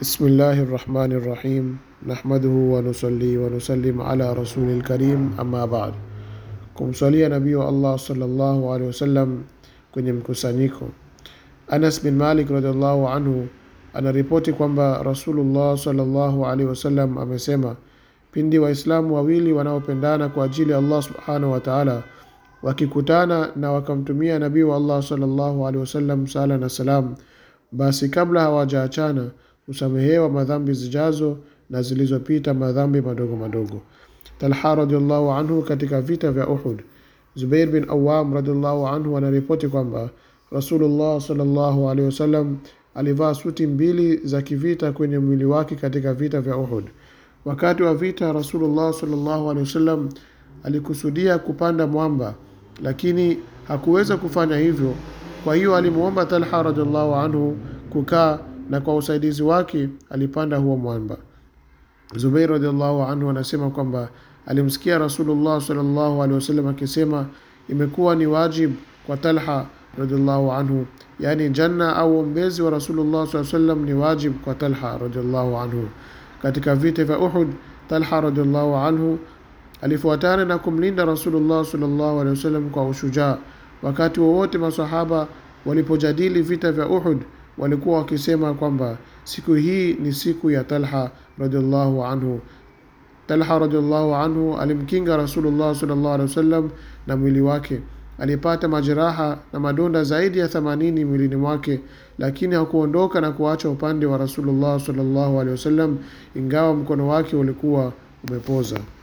بسم الله الرحمن الرحيم نحمده ونصلي ونسلم على رسول الكريم أما kumswalia nabii wa Allah sallallahu alaihi wasallam kwenye mkusanyiko. Anas bin Malik radhiallahu anhu anaripoti kwamba Rasulullah sallallahu alaihi wasallam amesema, pindi Waislamu wawili wanaopendana kwa ajili ya Allah subhanahu wa taala wakikutana na wakamtumia nabii wa Allah sallallahu alaihi wasallam sala na salam, basi kabla hawajaachana kusamehewa madhambi zijazo na zilizopita madhambi madogo madogo. Talha radhiallahu anhu katika vita vya Uhud. Zubair bin Awam radhiallahu anhu anaripoti kwamba Rasulullah sallallahu alaihi wasallam alivaa suti mbili za kivita kwenye mwili wake katika vita vya Uhud. Wakati wa vita, Rasulullah sallallahu alaihi wasallam alikusudia kupanda mwamba, lakini hakuweza kufanya hivyo. Kwa hiyo alimwomba Talha radhiallahu anhu kukaa na kwa usaidizi wake alipanda huo mwamba. Zubair radhiallahu anhu anasema kwamba alimsikia Rasulullah sallallahu alaihi wasallam akisema, imekuwa ni wajib kwa Talha radhiallahu anhu, yaani janna au ombezi wa Rasulullah sallallahu alaihi wasallam ni wajib kwa Talha radhiallahu anhu. Katika vita vya Uhud, Talha radhiallahu anhu alifuatana na kumlinda Rasulullah sallallahu alaihi wasallam kwa ushujaa. Wakati wowote masahaba walipojadili vita vya Uhud walikuwa wakisema kwamba siku hii ni siku ya Talha radhiallahu anhu. Talha radhiallahu anhu alimkinga Rasulullah sallallahu alaihi wasallam na mwili wake. Alipata majeraha na madonda zaidi ya 80 mwilini mwake, lakini hakuondoka na kuacha upande wa Rasulullah sallallahu alaihi wasallam, ingawa mkono wake ulikuwa umepoza.